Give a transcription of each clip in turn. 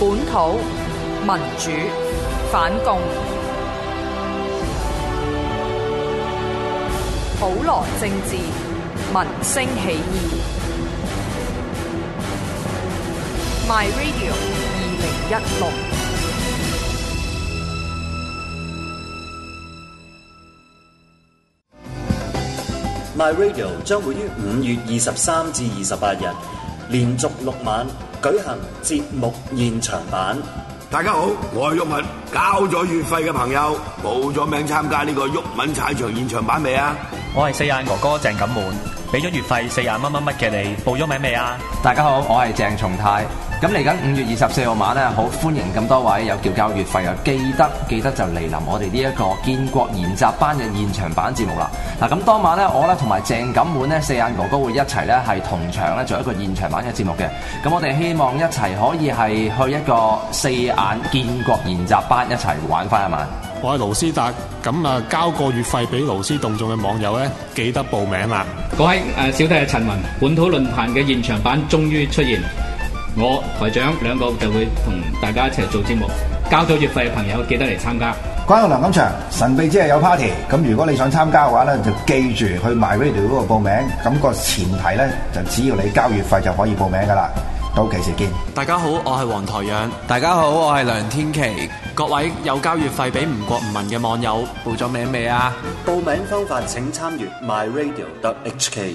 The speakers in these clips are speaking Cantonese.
本土民主反共，普羅政治民聲起義。My Radio 二零一六 My Radio 將會於五月二十三至二十八日，連續六晚，舉行節目現場版，大家好，我係毓民，交咗月費嘅朋友，報咗名參加呢個毓民踩場現場版未啊？我係四眼哥哥鄭錦滿，俾咗月費四廿乜乜乜嘅你報，報咗名未啊？大家好，我係鄭松泰。咁嚟緊五月二十四號晚咧，好歡迎咁多位有叫交月費啊，記得記得就嚟臨我哋呢一個建國研習班嘅現場版節目啦。嗱、啊，咁當晚咧，我咧同埋鄭錦滿咧四眼哥哥會一齊咧係同場咧做一個現場版嘅節目嘅。咁我哋希望一齊可以係去一個四眼建國研習班一齊玩翻一晚。我係盧思達，咁啊交個月費俾盧思動眾嘅網友咧，記得報名啦！各位誒小弟係陳文本土論壇嘅現場版終於出現。我台長兩個就會同大家一齊做節目，交咗月費嘅朋友記得嚟參加。關於梁錦祥神秘之夜有 party，咁如果你想參加嘅話咧，就記住去 My Radio 嗰度報名，咁個前提咧就只要你交月費就可以報名噶啦。到期時見。大家好，我黃台。大家好，我係黃台仰。大家好，我係梁天琦。各位有交月費俾吳國唔民嘅網友，報咗名未啊？報名方法請參閱 My Radio HK。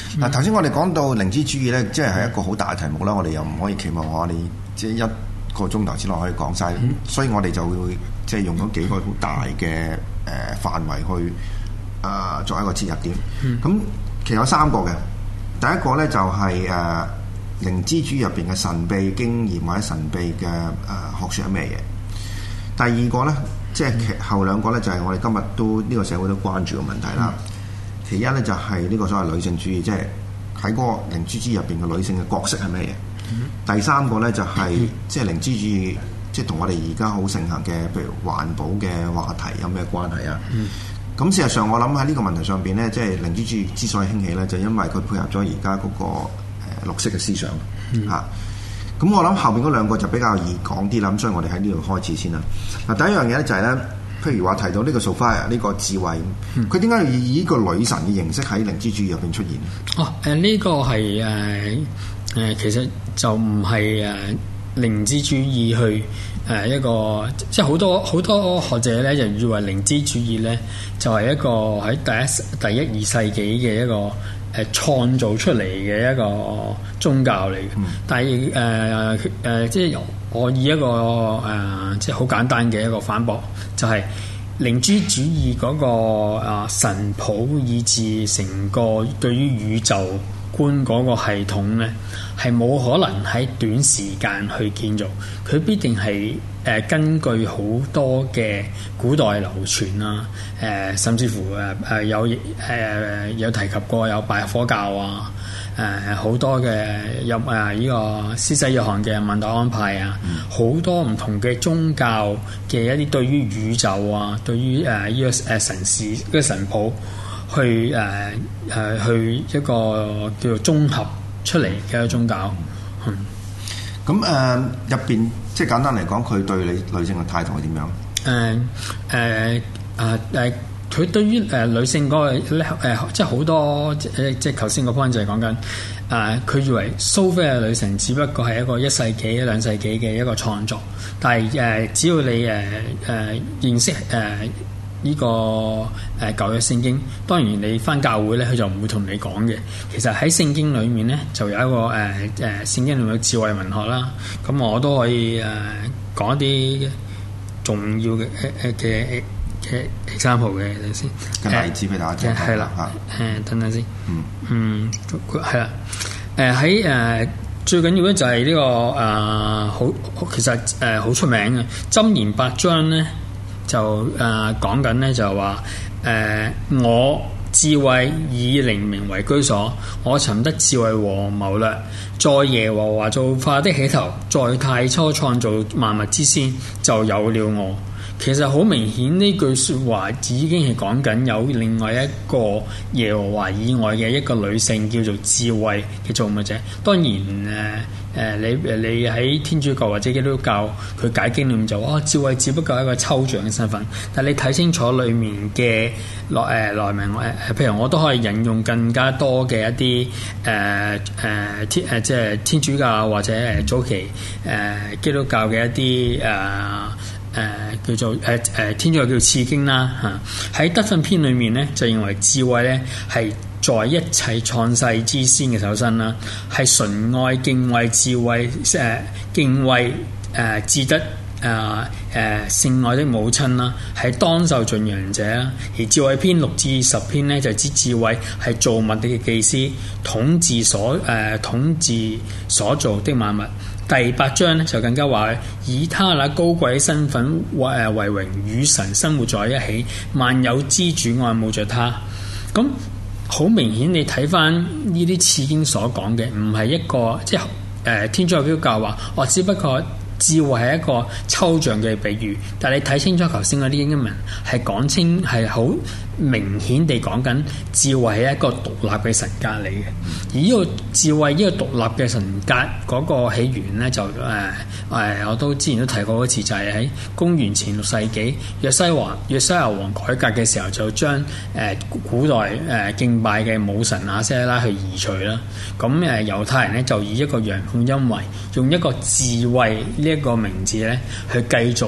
嗱，頭先、嗯、我哋講到靈知主義咧，即係係一個好大嘅題目啦。我哋又唔可以期望我哋即係一個鐘頭之內可以講晒，嗯、所以我哋就會即係、就是、用咗幾個好大嘅誒、呃、範圍去啊、呃、作一個切入點。咁、嗯、其實有三個嘅，第一個咧就係、是、誒、呃、靈知主義入邊嘅神秘經驗或者神秘嘅誒、呃、學說係咩嘢？第二個咧，即、就、係、是、後兩個咧，就係我哋今日都呢個社會都關注嘅問題啦。嗯其一咧就係呢個所謂女性主義，即係喺嗰個靈知主義入邊嘅女性嘅角色係咩嘢？嗯、第三個咧就係即係靈知主義，即係同我哋而家好盛行嘅，譬如環保嘅話題有咩關係啊？咁事、嗯、實上，我諗喺呢個問題上邊咧，即係靈知主義之所以興起咧，就係、因為佢配合咗而家嗰個誒綠色嘅思想嚇。咁、嗯啊、我諗後邊嗰兩個就比較易講啲啦，咁所以我哋喺呢度開始先啦。嗱，第一樣嘢咧就係、係、咧。譬如話提到呢個 Sophia 呢個智慧，佢點解以呢個女神嘅形式喺靈知主義入邊出現？哦，誒、呃、呢、這個係誒誒，其實就唔係誒靈知主義去誒、呃、一個，即係好多好多學者咧就以為靈知主義咧就係、是、一個喺第一第一二世紀嘅一個誒創造出嚟嘅一個宗教嚟嘅，嗯、但係誒誒即係由。我以一個誒、呃，即係好簡單嘅一個反駁，就係、是、靈知主義嗰、那個、呃、神譜以至成個對於宇宙觀嗰個系統咧，係冇可能喺短時間去建造，佢必定係誒、呃、根據好多嘅古代流傳啦、啊，誒、呃、甚至乎誒誒有誒有提及過有拜火教啊。誒好、呃、多嘅入啊！依、呃這個施世教行嘅問答安排啊，好、嗯、多唔同嘅宗教嘅一啲對於宇宙啊，對於誒依個誒神事依神譜去誒誒去一個叫做綜合出嚟嘅宗教。咁誒入邊，即係簡單嚟講，佢對你女性嘅態度係點樣？誒誒啊！嚟、呃。呃呃呃呃佢對於誒、呃、女性嗰個咧誒，即係好多、呃、即即係頭先個觀眾就係講緊誒，佢、呃、以為蘇菲亞女神只不過係一個一世紀兩世紀嘅一個創作，但係誒、呃，只要你誒誒、呃、認識誒呢、呃這個誒舊約聖經，當然你返教會咧，佢就唔會同你講嘅。其實喺聖經裡面咧，就有一個誒誒聖經裏面嘅智慧文學啦。咁我都可以誒講、呃、一啲重要嘅嘅。呃呃嘅 example 嘅，等先個例子俾大家聽，係啦、啊，誒等等先，嗯嗯，係啦，誒喺誒最緊要咧就係呢個誒好、呃、其實誒好、呃、出名嘅《箴言八章》咧，就誒、呃、講緊咧就係話誒我智慧以靈明為居所，我尋得智慧和謀略，在耶和華造化的起頭，在太初創造萬物之先，就有了我。其實好明顯，呢句説話已經係講緊有另外一個耶和華以外嘅一個女性叫做智慧嘅造物者。當然誒誒、呃，你你喺天主教或者基督教，佢解經裏面就話、哦、智慧只不過係一個抽象嘅身份。但係你睇清楚裡面嘅內誒內文誒，譬如我都可以引用更加多嘅一啲誒誒天誒、呃、即係天主教或者誒早期誒、呃、基督教嘅一啲誒。呃誒、呃、叫做誒誒、呃呃、天主，叫次經啦嚇，喺、啊、德訓篇裏面呢，就認為智慧呢係在一切創世之先嘅手身啦，係純愛敬畏智慧誒、呃、敬畏誒、呃、智德誒誒聖愛的母親啦，係當受盡揚者啦。而智慧篇六至十篇呢，就指智慧係造物的嘅技師，統治所誒、呃、統治所造的萬物，物。第八章咧就更加話，以他那高貴身份，誒為榮，與神生活在一起，萬有之主愛慕着他。咁好明顯，你睇翻呢啲次經所講嘅，唔係一個即係誒、呃、天主教教話，我只不過智慧係一個抽象嘅比喻，但係你睇清楚頭先嗰啲英文係講清係好。明顯地講緊智慧係一個獨立嘅神格嚟嘅，而呢個智慧呢、這個獨立嘅神格嗰、那個起源呢，就誒誒、呃，我都之前都提過一次，就係、是、喺公元前六世紀，約西王約西亞王改革嘅時候就將誒、呃、古代誒、呃、敬拜嘅武神阿西拉去移除啦。咁、呃、誒猶太人呢，就以一個陽奉陰違，用一個智慧呢一個名字呢，去繼續誒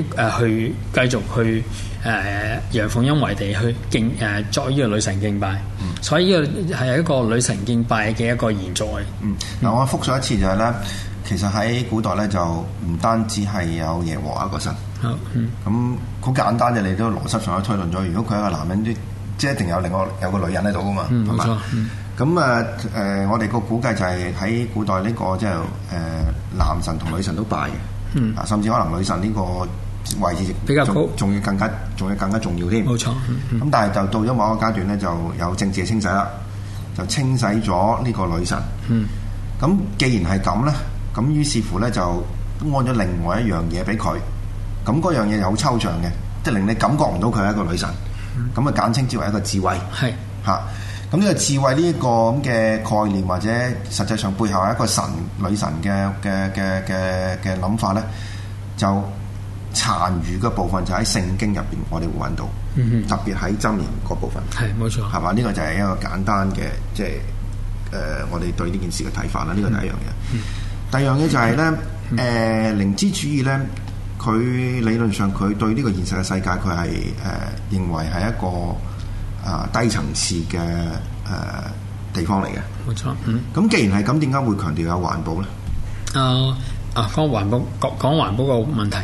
誒、呃、去繼續去。呃去誒，揚、呃、鳳揚威地去敬誒、啊，作呢個女神敬拜，嗯、所以呢個係一個女神敬拜嘅一個延續。嗯，嗱、嗯、我復述一次就係、是、咧，其實喺古代咧就唔單止係有耶和華一個神。咁好、嗯、簡單嘅，你都邏輯上都推論咗，如果佢係個男人，都即係一定有另外有個女人喺度噶嘛，係嘛、嗯？咁啊誒，我哋個估計就係喺古代呢、這個即係誒男神同女神都拜嘅。甚至可能女神呢個、嗯。嗯嗯位置比較高，仲要更加，仲要更加重要添。冇錯，咁、嗯嗯、但係就到咗某一個階段咧，就有政治嘅清洗啦，就清洗咗呢個女神。咁、嗯、既然係咁呢，咁於是乎呢，就安咗另外一樣嘢俾佢。咁嗰樣嘢就好抽象嘅，即係令你感覺唔到佢係一個女神。咁啊、嗯、簡稱之為一個智慧。係吓，咁呢、嗯、個智慧呢一個咁嘅概念或者實際上背後係一個神女神嘅嘅嘅嘅嘅諗法呢，就。殘餘嘅部分就喺聖經入邊，我哋會揾到，嗯、哼特別喺箴言嗰部分。係冇錯，係嘛？呢、這個就係一個簡單嘅，即係誒，我哋對呢件事嘅睇法啦。呢個第一樣嘢。嗯、第二樣嘢就係、是、咧，誒、呃、靈知主義咧，佢理論上佢對呢個現實嘅世界，佢係誒認為係一個啊、呃、低層次嘅誒、呃、地方嚟嘅。冇錯。咁、嗯、既然係咁，點解會強調有環保咧？誒。呃啊，講環保講講環保個問題，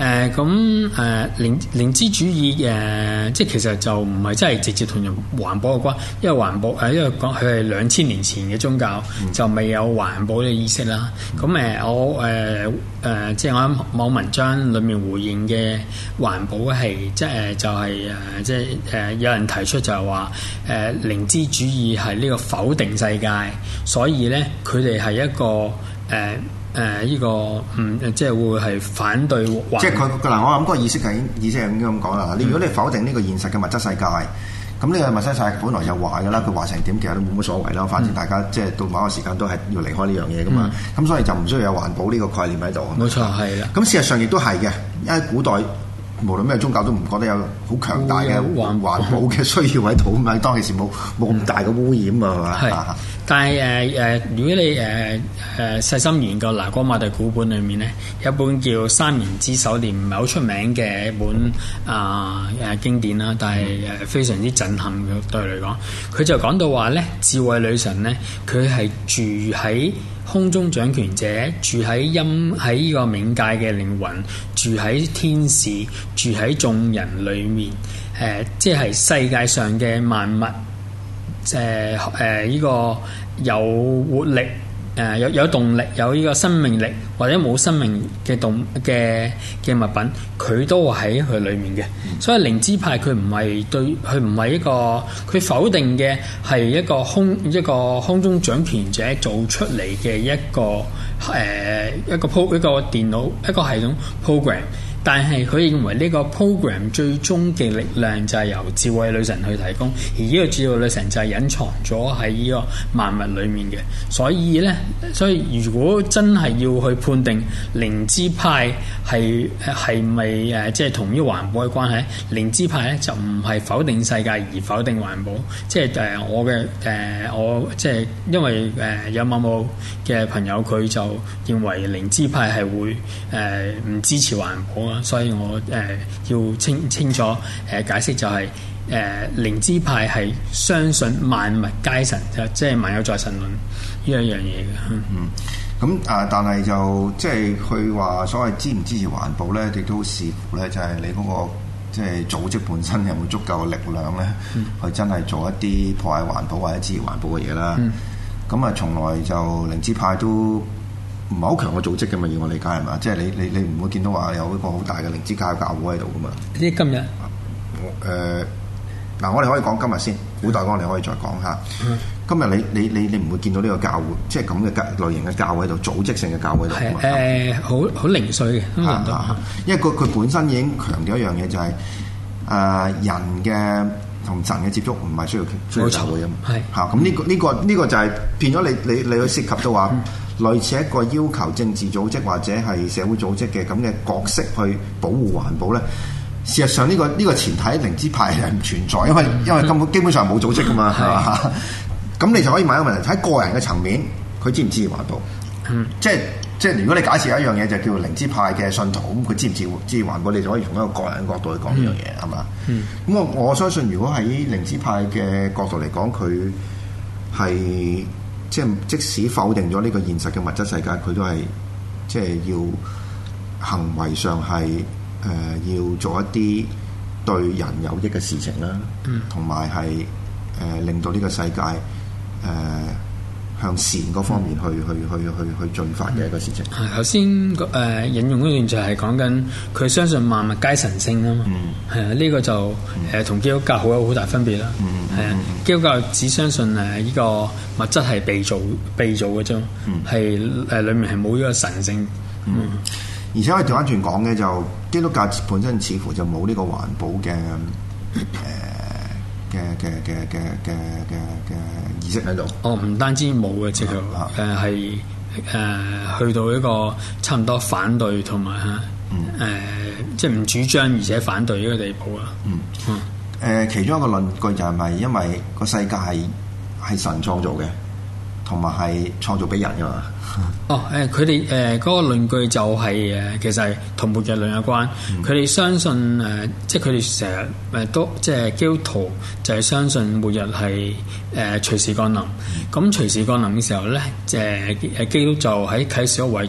誒咁誒靈靈知主義誒、呃，即係其實就唔係真係直接同人環保有關，因為環保誒、呃，因為講佢係兩千年前嘅宗教，嗯、就未有環保嘅意識啦。咁誒、嗯，我誒誒、呃，即係我喺某文章裡面回應嘅環保係即係就係誒，即係、就、誒、係就係呃、有人提出就係話誒靈知主義係呢個否定世界，所以呢，佢哋係一個誒。呃誒依個即係會係反對，即係佢嗱，我諗嗰個意思係，意思係應該咁講啦。你如果你否定呢個現實嘅物質世界，咁呢個物質世界本來就壞㗎啦。佢壞成點，其實都冇乜所謂啦。反正大家、嗯、即係到某個時間都係要離開呢樣嘢噶嘛。咁、嗯、所以就唔需要有環保呢個概念喺度。冇錯，係啦。咁事實上亦都係嘅。因為古代，無論咩宗教都唔覺得有好強大嘅環保嘅需要喺度。咁當其時冇冇咁大嘅污染啊，係嘛、嗯？但係誒誒，如果你誒誒、呃呃、細心研究嗱哥瑪特古本裏面咧，有本叫《三年之守》嘅唔係好出名嘅一本啊誒、呃、經典啦，但係誒非常之震撼嘅對嚟講，佢就講到話咧，智慧女神咧，佢係住喺空中掌權者，住喺陰喺呢個冥界嘅靈魂，住喺天使，住喺眾人裏面誒、呃，即係世界上嘅萬物。誒誒，呢、呃這個有活力，誒、呃、有有動力，有呢個生命力，或者冇生命嘅動嘅嘅物品，佢都會喺佢裏面嘅。嗯、所以靈知派佢唔係對，佢唔係一個佢否定嘅係一個空一個空中掌權者做出嚟嘅一個誒、呃、一個 po 一個電腦一個系統 program。但係佢認為呢個 program 最終嘅力量就係由智慧女神去提供，而呢個智慧女神就係隱藏咗喺呢個萬物裏面嘅。所以咧，所以如果真係要去判定靈知派係係咪誒即係同於環保嘅關係，靈知派咧就唔係否定世界而否定環保，即係誒、呃、我嘅誒、呃、我即係因為誒、呃、有某某嘅朋友佢就認為靈知派係會誒唔、呃、支持環保啊。所以我誒、呃、要清清楚誒、呃、解釋就係、是、誒、呃、靈知派係相信萬物皆神，即、就、係、是、萬有在神論呢一樣嘢嘅。嗯，嗯，咁啊、呃，但係就即係佢話所謂支唔支持環保咧，亦都視乎咧就係、是、你嗰、那個即係、就是、組織本身有冇足夠嘅力量咧，嗯、去真係做一啲破壞環保或者支持環保嘅嘢啦。咁啊，從來就靈知派都，唔係好強嘅組織嘅嘛，以我理解係嘛？即係你你你唔會見到話有一個好大嘅靈知教教會喺度噶嘛？即今日，我嗱，我哋可以講今日先，古代我哋可以再講下。今日你你你你唔會見到呢個教會，即係咁嘅類型嘅教會喺度，組織性嘅教會喺度。係，好好零碎嘅。因為佢佢本身已經強調一樣嘢，就係誒人嘅同神嘅接觸唔係需要追求嘅。教會啊嘛。係嚇，咁呢個呢個呢個就係變咗你你你去涉及到話。類似一個要求政治組織或者係社會組織嘅咁嘅角色去保護環保呢，事實上呢、呢個呢、呢個前提靈知派係唔存在，因為因為根本基本上冇組織噶嘛，咁、嗯、吧 你就可以問一個問題，喺個人嘅層面，佢知唔知環保？嗯、即係即係如果你假設一樣嘢就叫靈知派嘅信徒，咁佢知唔知知環保？你就可以從一個個人角度去講呢樣嘢，係嘛？咁我相信如果喺靈知派嘅角度嚟講，佢係。即係即使否定咗呢個現實嘅物質世界，佢都係即係要行為上係誒、呃、要做一啲對人有益嘅事情啦，同埋係誒令到呢個世界誒，呃向善嗰方面去、嗯、去去去去，去進發嘅一個事情。係頭先誒引用嗰段就係講緊佢相信萬物皆神聖啊嘛。係啊、嗯，呢、嗯呢個就誒同、嗯、基督教好有好大分別啦。係啊、嗯，嗯、基督教只相信誒呢個物質係被造被造嘅啫，係誒、嗯、裡面係冇呢個神聖。嗯，嗯而且我調返轉講嘅就基督教本身似乎就冇呢個環保嘅。 嘅嘅嘅嘅嘅嘅意識喺度，哦，唔單止冇嘅即係，誒係誒去到一個差唔多反對同埋誒即係唔主張而且反對呢個地步啊，嗯，誒、嗯、其中一個論據就係咪因為個世界係係神創造嘅，同埋係創造俾人㗎嘛？哦，誒佢哋誒嗰個論據就係、是、誒，其實係同末日論有關。佢哋、嗯、相信誒、呃，即係佢哋成日誒都即係基督徒就係相信末日係誒、呃、隨時降臨。咁隨時降臨嘅時候咧，誒誒基督就喺啟示為咗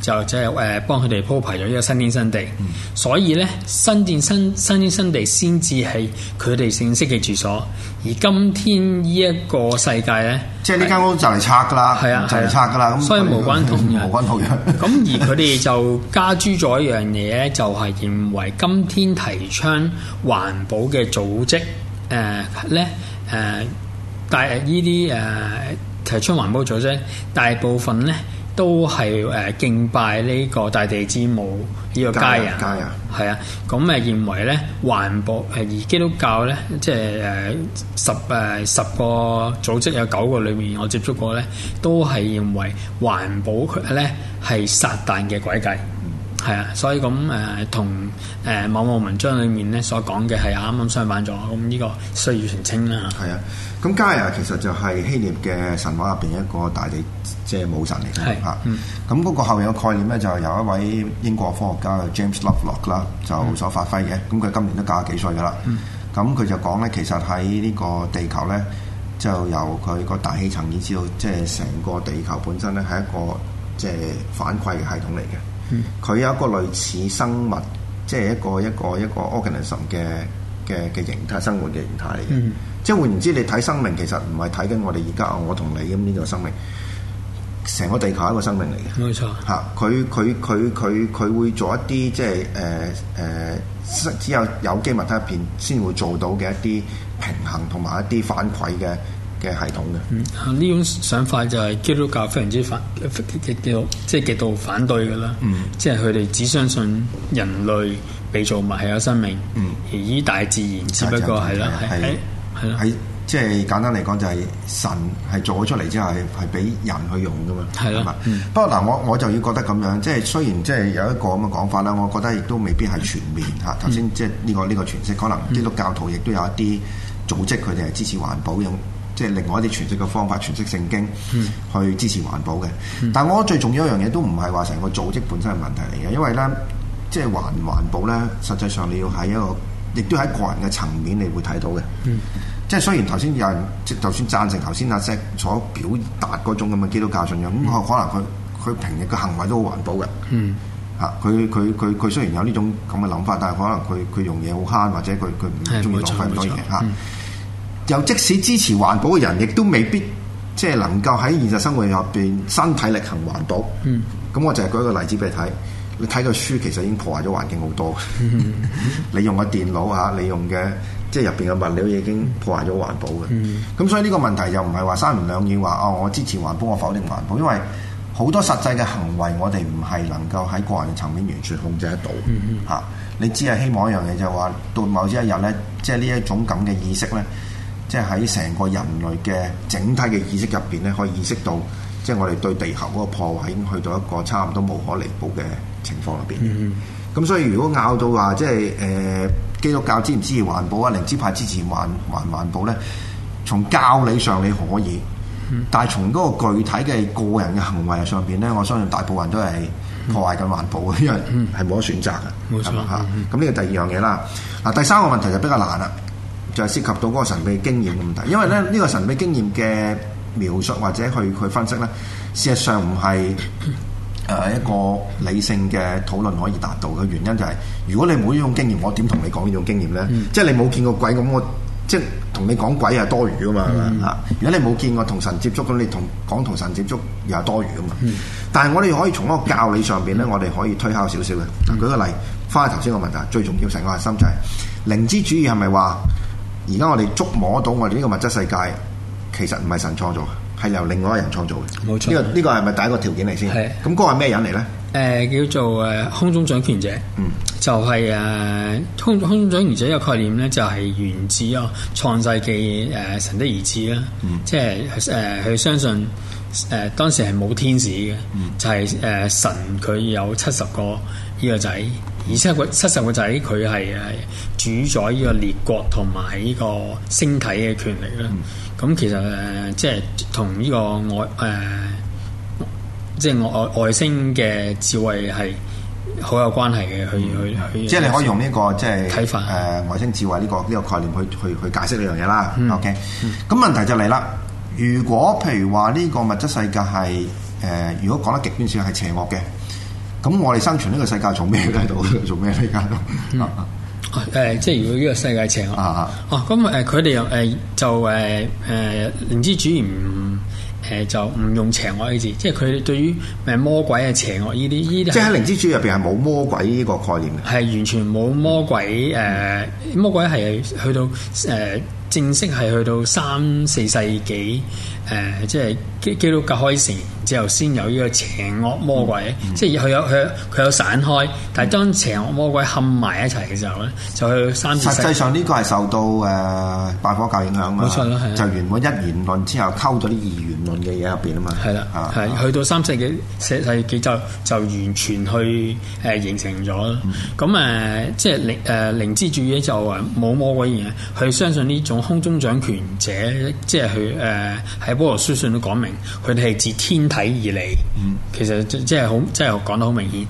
就就誒、是呃、幫佢哋鋪排咗一個新天新地。嗯、所以咧，新建新新天新地先至係佢哋正式嘅住所。而今天呢一個世界咧，即係呢間屋就嚟拆㗎喇，係啊，就嚟拆㗎喇咁。是是所以無關痛癢，無關痛癢，咁 而佢哋就加諸咗一樣嘢，就係、是、認為今天提倡環保嘅組織，誒、呃、咧，誒、呃，但係呢啲誒提倡環保組織，大部分咧，都係誒敬拜呢個大地之母呢、這個蓋亞，蓋亞係啊，咁咪認為咧環保誒而基督教咧，即係誒十誒十個組織有九個裏面我接觸過咧，都係認為環保佢咧係撒旦嘅詭計。係啊，所以咁誒、呃、同誒、呃、某某文章裏面咧所講嘅係啱啱相反咗，咁、嗯、呢、這個需要澄清啦。係啊，咁、啊、加倻、啊、其實就係希臘嘅神話入邊一個大地即係、就是、武神嚟嘅嚇。咁嗰、嗯、個後面嘅概念咧，就有一位英國科學家 James Lovelock 啦就所發揮嘅。咁佢、嗯、今年都九十幾歲噶啦。咁佢、嗯、就講咧，其實喺呢個地球咧，就由佢個大氣層以至到，即係成個地球本身咧，係一個即係、就是、反饋嘅系統嚟嘅。佢、嗯、有一個類似生物，即係一個一個一個 organism 嘅嘅嘅形態，生活嘅形態嚟嘅。嗯、即係換言之，你睇生命其實唔係睇緊我哋而家我同你咁呢、呢個生命，成個地球一個生命嚟嘅。冇錯。嚇，佢佢佢佢佢會做一啲即係誒誒，只有有機物體入邊先會做到嘅一啲平衡同埋一啲反饋嘅。嘅系統嘅，呢、嗯啊、種想法就係基督教非常之反，極度即係極度反對嘅啦。嗯、即係佢哋只相信人類被造物係有生命，嗯，而依大自然，嗯、只不過係啦，係係啦，係即係簡單嚟講就係、是、神係做咗出嚟之後係係俾人去用噶嘛，係啦，不過嗱，我我就要覺得咁樣，即、就、係、是、雖然即係有一個咁嘅講法啦，我覺得亦都未必係全面嚇。頭先即係呢個呢個詮釋，可能基督教徒亦都有一啲組織，佢哋係支持環保嘅。即係另外一啲詮釋嘅方法，詮釋聖經、嗯、去支持環保嘅。嗯、但係我覺得最重要一樣嘢都唔係話成個組織本身嘅問題嚟嘅，因為咧，即係環環保咧，實際上你要喺一個，亦都喺個人嘅層面，你會睇到嘅。嗯、即係雖然頭先有人，就算贊成頭先阿石所表達嗰種咁嘅基督教信仰，咁、嗯嗯、可能佢佢平日嘅行為都好環保嘅。嚇、嗯，佢佢佢佢雖然有呢種咁嘅諗法，但係可能佢佢用嘢好慳，或者佢佢唔中意浪費咁多嘢嚇。又即使支持環保嘅人，亦都未必即係能夠喺現實生活入邊身體力行環保。嗯，咁我就係舉一個例子俾你睇。你睇個書，其實已經破壞咗環境好多。你用嘅電腦嚇，你用嘅即係入邊嘅物料已經破壞咗環保嘅。咁、嗯、所以呢個問題又唔係話三言兩語話啊！我支持環保，我否定環保，因為好多實際嘅行為，我哋唔係能夠喺個人層面完全控制得到。嚇、嗯，嗯、 你只係希望一樣嘢就係話，到某一日呢，即係呢一種咁嘅意識呢。即係喺成個人類嘅整體嘅意識入邊咧，可以意識到，即係我哋對地球嗰個破壞已經去到一個差唔多無可彌補嘅情況入邊。咁、嗯、所以如果拗到話，即係誒基督教支唔支持環保啊？靈知派支持環環環保咧？從教理上你可以，但係從嗰個具體嘅個人嘅行為上邊咧，我相信大部分都係破壞緊環保嘅，因為係冇得選擇嘅。冇、嗯嗯、錯嚇。咁呢個第二樣嘢啦。嗱，第三個問題就比較難啦。就涉及到嗰個、這個神秘經驗嘅問題，因為咧呢個神秘經驗嘅描述或者去去分析呢，事實上唔係一個理性嘅討論可以達到嘅原因就係、是，如果你冇呢種經驗，我點同你講呢種經驗呢？嗯、即係你冇見過鬼咁，我即係同你講鬼係多餘噶嘛嚇。嗯、如果你冇見過同神接觸咁，你同講同神接觸又係多餘噶嘛。嗯、但係我哋可以從一個教理上邊呢，我哋可以推敲少少嘅。舉個例，翻去頭先個問題，最重要成個核心就係、是、靈知主義係咪話？而家我哋捉摸到我哋呢個物質世界，其實唔係神創造，係由另外一個人創造嘅。冇錯，呢、這個呢、這個係咪第一個條件嚟先？係的。咁嗰個係咩人嚟咧？誒、呃、叫做誒空中掌權者。嗯。就係誒空空中掌權者嘅概念咧，就係源自啊創世記誒神的兒子啦。嗯。即係誒，佢、呃、相信。誒當時係冇天使嘅，嗯、就係誒神佢有七十個呢個仔，而且個七十個仔佢係係主宰呢個列國同埋呢個星體嘅權力啦。咁、嗯、其實誒即係同呢個外誒即係外外星嘅智慧係好有關係嘅，去去去。嗯、它即係你可以用呢個即係啟發誒外星智慧呢個呢個概念去去去解釋呢樣嘢啦。OK，咁問題就嚟啦。如果譬如話呢個物質世界係誒、呃，如果講得極端少係邪惡嘅，咁我哋生存呢個世界做咩喺度做咩喺度咧？即係如果呢個世界邪惡，哦、啊，咁、啊、誒，佢哋又誒就誒誒靈知主唔誒就唔用邪惡呢字，即係佢對於誒魔鬼啊邪惡呢啲依即係喺靈知主入邊係冇魔鬼呢個概念嘅，係完全冇魔鬼誒、呃呃，魔鬼係去到誒。呃呃呃正式係去到三四世紀，誒、呃，即係基督教開始。之後先有呢個邪惡魔鬼，即係佢有佢有佢有散開，但係當邪惡魔鬼冚埋一齊嘅時候咧，就去三。實際上呢個係受到誒拜火教影響嘛？冇錯啦，係就原本一元論之後溝咗啲二元論嘅嘢入邊啊嘛，係啦，係去到三世紀四世紀就就完全去誒形成咗啦。咁誒即係靈誒靈知主義就冇魔鬼嘢，佢相信呢種空中掌權者，即係佢誒喺《保羅書信》都講明，佢哋係自天。睇而嚟，嗯、其實即係好，即係講到好明顯。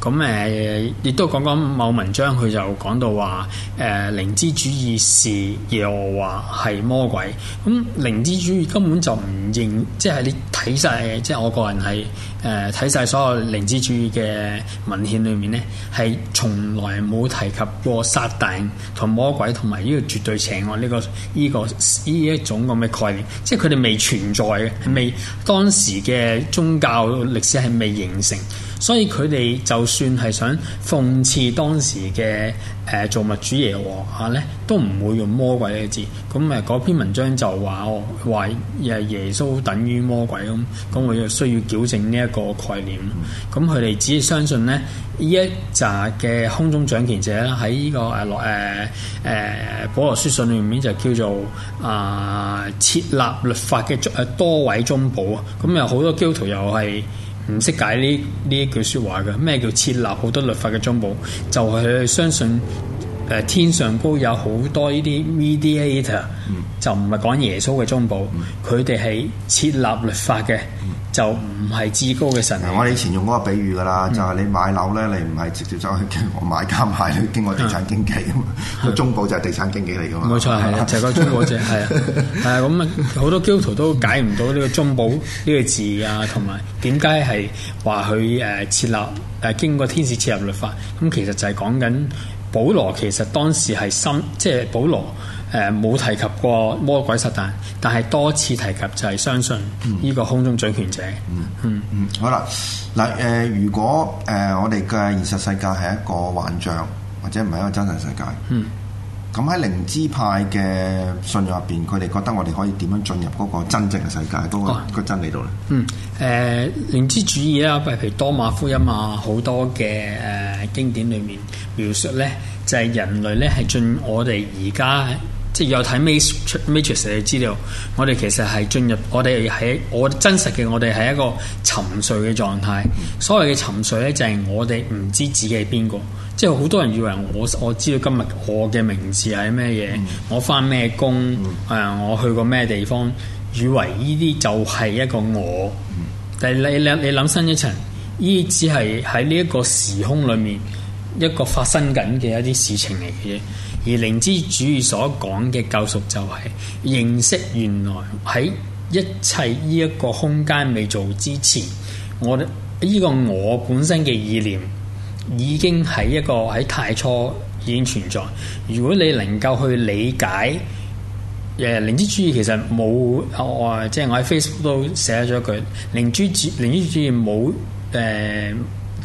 咁誒，亦都講講某文章，佢就講到話誒、呃，靈知主義是耶和華係魔鬼。咁靈知主義根本就唔認，即係你睇晒，即係我個人係。誒睇晒所有靈知主義嘅文獻裏面呢，係從來冇提及過撒但同魔鬼同埋呢個絕對邪惡呢、呢個呢、呢個依、呢個、一種咁嘅概念，即係佢哋未存在嘅，係未當時嘅宗教歷史係未形成。所以佢哋就算係想諷刺當時嘅誒造物主耶和華咧，都唔會用魔鬼呢個字。咁誒嗰篇文章就話哦，話耶穌等於魔鬼咁，咁我又需要矯正呢一個概念。咁佢哋只係相信咧呢一集嘅空中掌權者啦、這個，喺呢個誒落誒誒《保羅書信》裏面就叫做啊設立律法嘅中多位中保啊。咁有好多基督徒又係。唔識解呢，呢一句説話嘅，咩叫設立好多律法嘅中部？就係、是、相信。誒天上高有好多呢啲 mediator，、嗯、就唔係講耶穌嘅中保，佢哋係設立律法嘅，嗯、就唔係至高嘅神。嗯、我哋以前用嗰個比喻噶啦，就係、是、你買樓咧，你唔係直接走去同買家買,家買家，經過地產經紀嘛，個、嗯、中保就係地產經紀嚟噶嘛。冇的錯，係啊吧，就個中保者係啊，係啊，咁啊好多基督徒都解唔到呢個中保呢個字啊，同埋點解係話佢誒設立誒經過天使設立律法？咁其實就係講緊。保羅其實當時係深，即係保羅誒冇提及過魔鬼撒旦，但係多次提及就係相信呢個空中掌權者。嗯嗯嗯，好啦，嗱、呃、誒，如果誒、呃、我哋嘅現實世界係一個幻象，或者唔係一個真實世界。嗯。咁喺靈知派嘅信入邊，佢哋覺得我哋可以點樣進入嗰個真正嘅世界，嗰個真理度咧？嗯，誒、呃、靈知主義啦，譬如多馬福音啊，好多嘅誒、呃、經典裡面描述咧，就係、是、人類咧係進我哋而家。即係有睇 Matrix 嘅資料，我哋其實係進入我哋係我真實嘅，我哋係一個沉睡嘅狀態。所謂嘅沉睡咧，就係我哋唔知自己係邊個。即係好多人以為，我我知道今日我嘅名字係咩嘢，嗯、我翻咩工，誒、嗯、我去過咩地方，以為呢啲就係一個我。但係你諗你諗深一層，呢啲只係喺呢一個時空裡面一個發生緊嘅一啲事情嚟嘅啫。而靈知主義所講嘅救贖就係、是、認識原來喺一切呢一個空間未做之前，我依、這個我本身嘅意念已經喺一個喺太初已經存在。如果你能夠去理解，誒，靈知主義其實冇，即係我喺 Facebook 都寫咗一句，靈知主靈知主義冇誒。呃。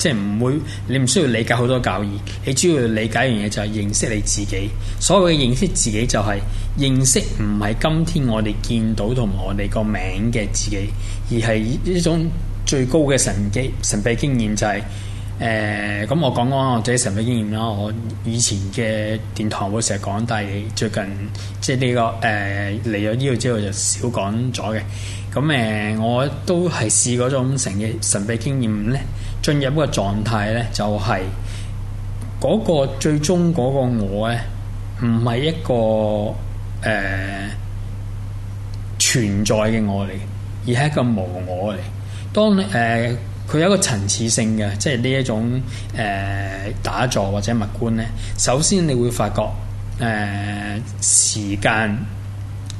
即係唔會，你唔需要理解好多教義，你主要理解一樣嘢就係認識你自己。所謂嘅認識自己就係、是、認識唔係今天我哋見到同埋我哋個名嘅自己，而係一種最高嘅神經神秘經驗就係、是、誒。咁、呃、我講講我自己神秘經驗啦。我以前嘅電台會成日講，但係最近即係、這、呢個誒嚟咗呢度之後就少講咗嘅。咁誒、呃，我都係試嗰種神嘅神秘經驗咧。進入一個狀態咧，就係、是、嗰個最終嗰個我呢，唔係一個誒、呃、存在嘅我嚟，而係一個無我嚟。當誒佢、呃、有一個層次性嘅，即係呢一種誒、呃、打坐或者默觀呢，首先，你會發覺誒、呃、時間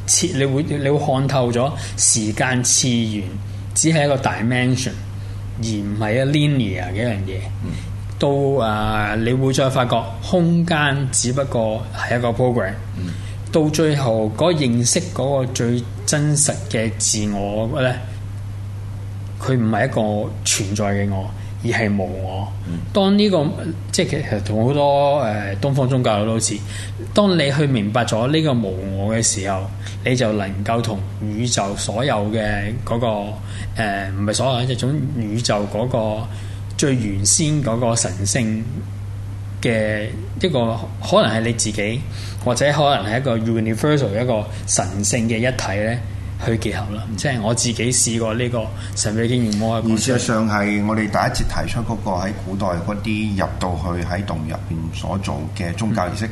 次，你會你會看透咗時間次元，只係一個 dimension。而唔係一 linear 嘅樣嘢，嗯、到啊你會再發覺空間只不過係一個 program，嗯、到最後，嗰、嗰個、認識嗰個最真實嘅自我咧，佢唔係一個存在嘅我。而係無我。當呢、這個即係其實同好多誒、呃、東方宗教都好似。當你去明白咗呢個無我嘅時候，你就能夠同宇宙所有嘅嗰、那個唔係、呃、所有一種、就是、宇宙嗰個最原先嗰個神性嘅一個，可能係你自己，或者可能係一個 universal 一個神性嘅一體咧。佢結合啦，即係我自己試過呢個神秘經驗喎。而事實上係我哋第一次提出嗰個喺古代嗰啲入到去喺洞入邊所做嘅宗教儀式，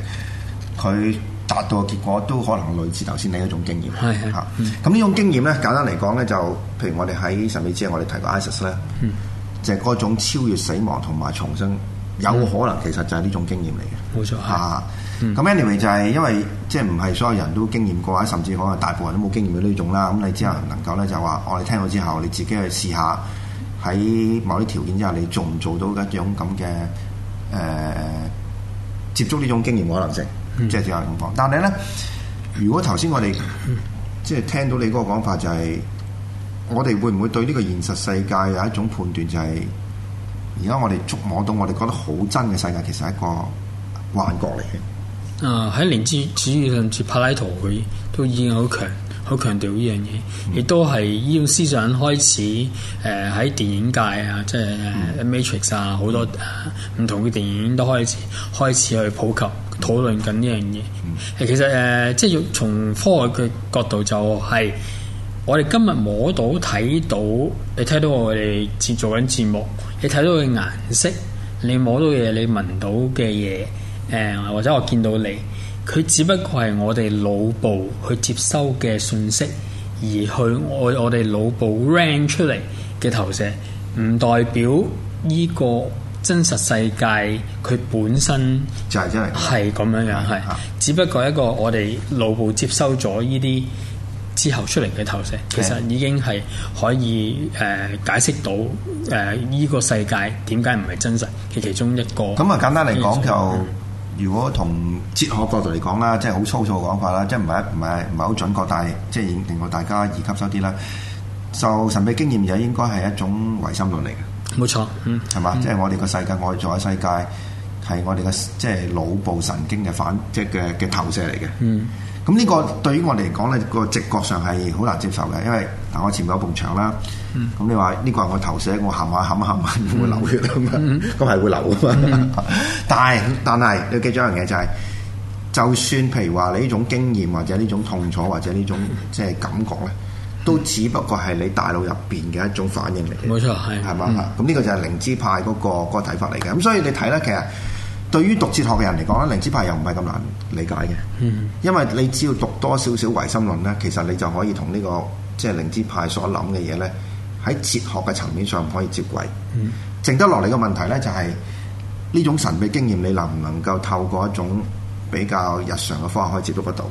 佢、嗯、達到嘅結果都可能類似頭先你一種經驗。係係吓，咁呢種經驗咧，簡單嚟講咧，就譬如我哋喺神秘之我哋提過 Isis 咧 IS、嗯，就係嗰種超越死亡同埋重生，有可能其實就係呢種經驗嚟嘅。冇錯係。嗯嗯咁 anyway 就係因為，即係唔係所有人都經驗過啊，甚至可能大部分都冇經驗過呢種啦。咁你只能能夠咧就話、是，我哋聽到之後，你自己去試下喺某啲條件之下，你做唔做到一種咁嘅誒接觸呢種經驗可能性，即係只係咁講。但係咧，如果頭先我哋即係聽到你嗰個講法、就是，就係我哋會唔會對呢個現實世界有一種判斷、就是，就係而家我哋觸摸到我哋覺得好真嘅世界，其實係一個幻覺嚟嘅？啊！喺靈知主義甚至柏拉圖佢都已經好強，好強調呢樣嘢，亦、嗯、都係依種思想開始誒喺、呃、電影界啊，即係 Matrix、呃嗯、啊，好多唔、啊、同嘅電影都開始開始去普及討論緊呢樣嘢。嗯、其實誒、呃，即係要從科學嘅角度、就是，就係我哋今日摸到睇到，你睇到，到，到我哋做做緊節目，你睇到嘅顏色，你摸到嘅嘢，你聞到嘅嘢。誒或者我見到你，佢只不過係我哋腦部去接收嘅信息，而去我我哋腦部 render 出嚟嘅投射，唔代表呢個真實世界佢本身就係真係係咁樣嘅，係、啊、只不過一個我哋腦部接收咗呢啲之後出嚟嘅投射，其實已經係可以誒、呃、解釋到誒依、呃呢個世界點解唔係真實嘅其中一個。咁啊、嗯、簡單嚟講就、嗯如果同哲學角度嚟講啦，即係好粗糙嘅講法啦，即係唔係唔係唔係好準確，但係即係令到大家易吸收啲啦。就神秘經驗就應該係一種唯心論嚟嘅，冇錯，嗯，係嘛吧？即係、嗯、我哋個世界外在世界係我哋嘅即係腦部神經嘅反即係嘅嘅投射嚟嘅。嗯，咁呢個對於我嚟講咧，個直覺上係好難接受嘅，因為但我前面有埲牆啦。咁、嗯嗯、你話呢個係我頭寫，我行下冚下冚，會流血咁啊？咁係、嗯、 會流啊嘛、嗯！ 但係但係，你記住一樣嘢就係、是，就算譬如話你呢種經驗或者呢種痛楚或者呢種即係感覺咧，嗯、都只不過係你大腦入邊嘅一種反應嚟嘅。冇錯，係係嘛？咁呢個就係靈知派嗰、那個睇、那個、法嚟嘅。咁所以你睇咧，其實對於讀哲學嘅人嚟講咧，靈知派又唔係咁難理解嘅。因為你只要讀多少少唯心論咧，其實你就可以同呢、這個即係、就是這個就是、靈知派所諗嘅嘢咧，喺哲學嘅層面上可以接軌，嗯、剩得落嚟嘅問題呢、就係，就係呢種神秘經驗，你能唔能夠透過一種比較日常嘅方式可以接觸得到？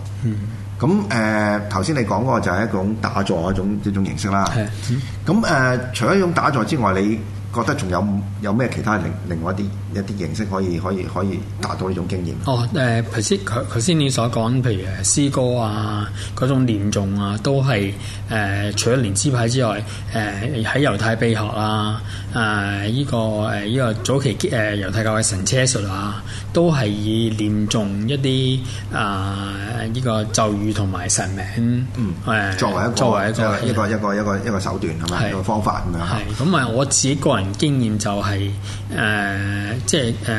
咁誒頭先你講嗰個就係一種打坐一種一種形式啦。咁誒、嗯呃、除咗一種打坐之外，你覺得仲有有咩其他另另外一啲一啲形式可以可以可以達到呢種經驗？哦，誒、呃，頭先佢頭先你所講，譬如詩歌啊，嗰種念誦啊，都係誒、呃，除咗念詩牌之外，誒、呃、喺猶太秘學啊。誒呢個誒呢個早期誒猶太教嘅神車術啊，都係以念誦一啲啊呢個咒語同埋神名，嗯誒作為一個作為一個一個一個一個一個手段係咪？一個方法咁樣。係咁啊！我自己個人經驗就係誒即係誒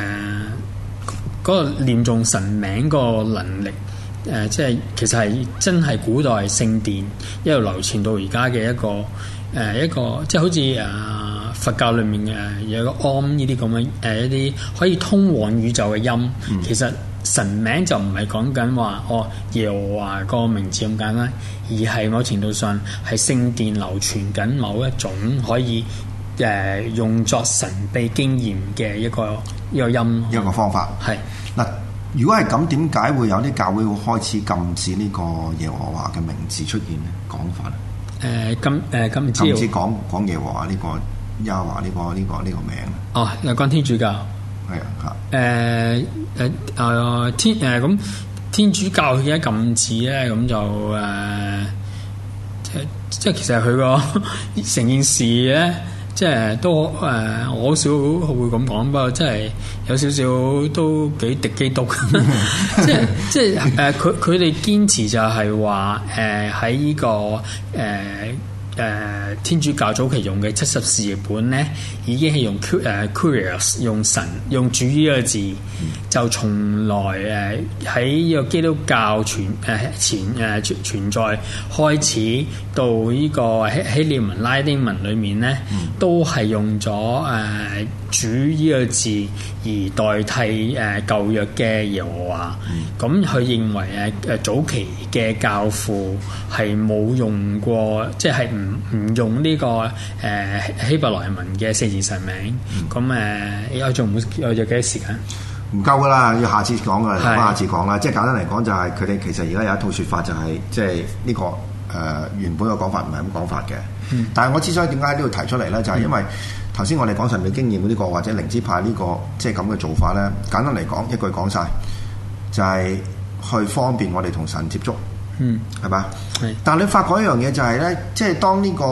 嗰個念誦神名個能力誒，即係其實係真係古代聖殿一路流傳到而家嘅一個誒一個，即係好似啊～佛教裏面嘅有個 Om 呢啲咁嘅，誒一啲可以通往宇宙嘅音，嗯、其實神名就唔係講緊話哦耶和華個名字咁簡單，而係某程度上係聖殿流傳緊某一種可以誒、呃、用作神秘經驗嘅一個一個音一個方法。係嗱是，如果係咁，點解會有啲教會會開始禁止呢個耶和華嘅名字出現呢？講法咧？誒禁誒禁止禁止講講耶和華呢、這個？亞華呢個呢、這個呢、這個名哦，又關天主教係、哎、啊，誒誒誒天誒咁、啊、天主教而家咁似咧，咁就誒、啊就是、即即係其實佢個成件事咧，即、就、係、是、都誒、啊、我少會咁講，不過真係有少少都幾敵基督。即即係誒佢佢哋堅持就係話誒喺呢個誒。呃誒、呃、天主教早期用嘅七十士譯本咧，已經係用 cur、uh, Kyrios 用神用主呢個字，嗯、就從來誒喺呢個基督教存誒、呃、前誒存、啊啊、在開始、嗯、到呢、這個希希臘文拉丁文裏面咧，嗯、都係用咗誒。呃主呢個字而代替誒、呃、舊約嘅耶和華，咁佢、嗯、認為咧誒、呃、早期嘅教父係冇用過，即係唔唔用呢、這個誒、呃、希伯來文嘅四字神名。咁誒仲冇有有幾多時間？唔夠噶啦，要下次講噶，是我下次講啦。即係簡單嚟講、就是，就係佢哋其實而家有一套説法，就係即係呢個誒原本嘅講法唔係咁講法嘅。但係我之所以點解喺呢度提出嚟咧，就係因為、嗯。頭先我哋講神秘經驗呢個或者靈知派呢個即係咁嘅做法咧，簡單嚟講一句講晒，就係去方便我哋同神接觸，嗯，係嘛？係。但係你發覺一樣嘢就係咧，即係當呢個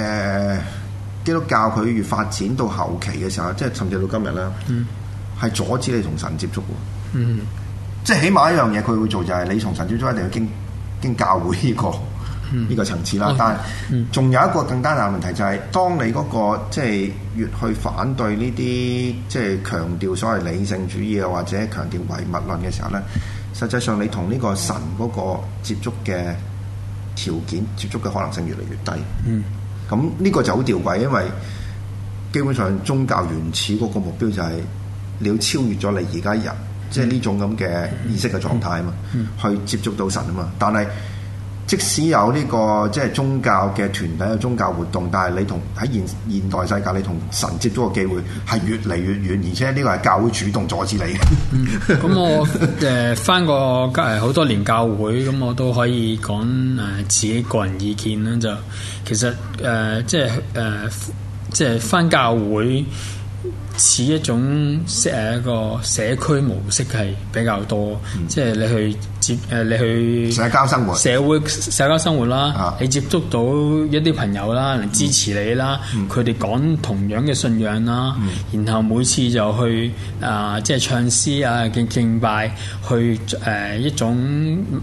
誒基督教佢越發展到後期嘅時候，即係甚至到今日啦，嗯，係阻止你同神接觸嘅，嗯，即係起碼一樣嘢佢會做就係你同神接觸一定要經經教會呢個。呢、嗯、個層次啦，但係仲有一個更加難問題，就係、是、當你嗰、那個即係、就是、越去反對呢啲即係強調所謂理性主義啊，或者強調唯物論嘅時候呢，實際上你同呢個神嗰個接觸嘅條件、接觸嘅可能性越嚟越低。嗯，咁呢個就好吊詭，因為基本上宗教原始嗰個目標就係你要超越咗你而家人，即係呢種咁嘅意識嘅狀態啊嘛，去接觸到神啊嘛，但係。即使有呢、呢個即係宗教嘅團體嘅宗教活動，但係你同喺現現代世界，你同神接觸嘅機會係越嚟越遠，而且呢個係教會主動阻止你嘅。咁我誒翻過好多年教會，咁、嗯、我都可以講誒、呃、自己個人意見啦。就其實誒、呃、即係誒、呃、即係翻、呃呃、教會似一種社一個社區模式係比較多，嗯、即係你去。接誒你去社交生活、社會社交生活啦，你接觸到一啲朋友啦，嚟支持你啦，佢哋講同樣嘅信仰啦，嗯、然後每次就去啊，即、呃、係、就是、唱詩啊、敬敬拜，去誒、呃、一種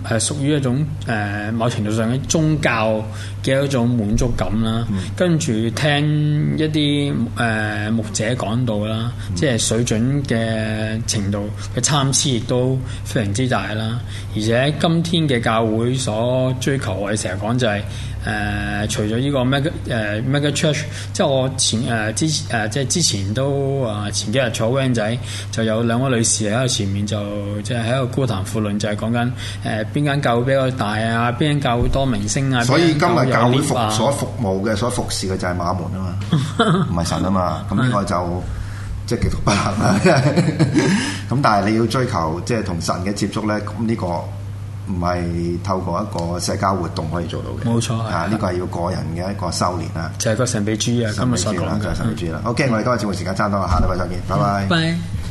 誒屬於一種誒、呃、某程度上嘅宗教嘅一種滿足感啦。嗯、跟住聽一啲誒、呃、牧者講到啦，嗯、即係水準嘅程度嘅參差亦都非常之大啦。而且今天嘅教會所追求，我哋成日講就係、是、誒、呃，除咗呢個 mega、呃、mega church，即係我前誒、呃、之誒，即、呃、係之前都啊，前幾日坐 van 仔就有兩位女士喺個前面就即係喺個高談闊論，就係講緊誒邊間教會比較大啊，邊間教會多明星啊。所以今日教，教會服所服務嘅、所服侍嘅就係馬門啊嘛，唔係 神啊嘛，咁呢個就。即係極度不幸啊！咁但係你要追求即係同神嘅接觸咧，咁、這、呢個唔係透過一個社交活動可以做到嘅。冇錯，係呢、啊、個係要個人嘅一個修練啦。就係個神秘主義啊！今日所講就係神秘主義啦、啊。Okay、啊，我哋今日節目時間差唔多啦，下禮拜再見，嗯、拜拜。